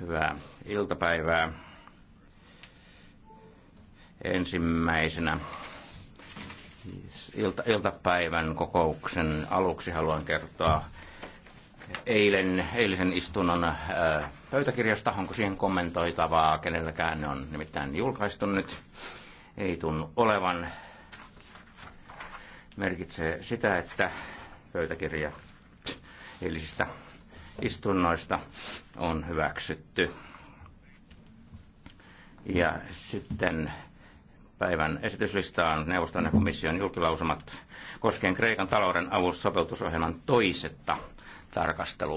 Hyvää iltapäivää. Ensimmäisenä ilta, iltapäivän kokouksen aluksi haluan kertoa eilen, eilisen istunnon äh, pöytäkirjasta. Onko siihen kommentoitavaa? Kenelläkään ne on nimittäin julkaistu nyt. Ei tunnu olevan. Merkitsee sitä, että pöytäkirja eilisistä istunnoista on hyväksytty. Ja sitten päivän esityslistaan neuvoston ja komission julkilausumat koskien Kreikan talouden avun sopeutusohjelman toisetta tarkastelua.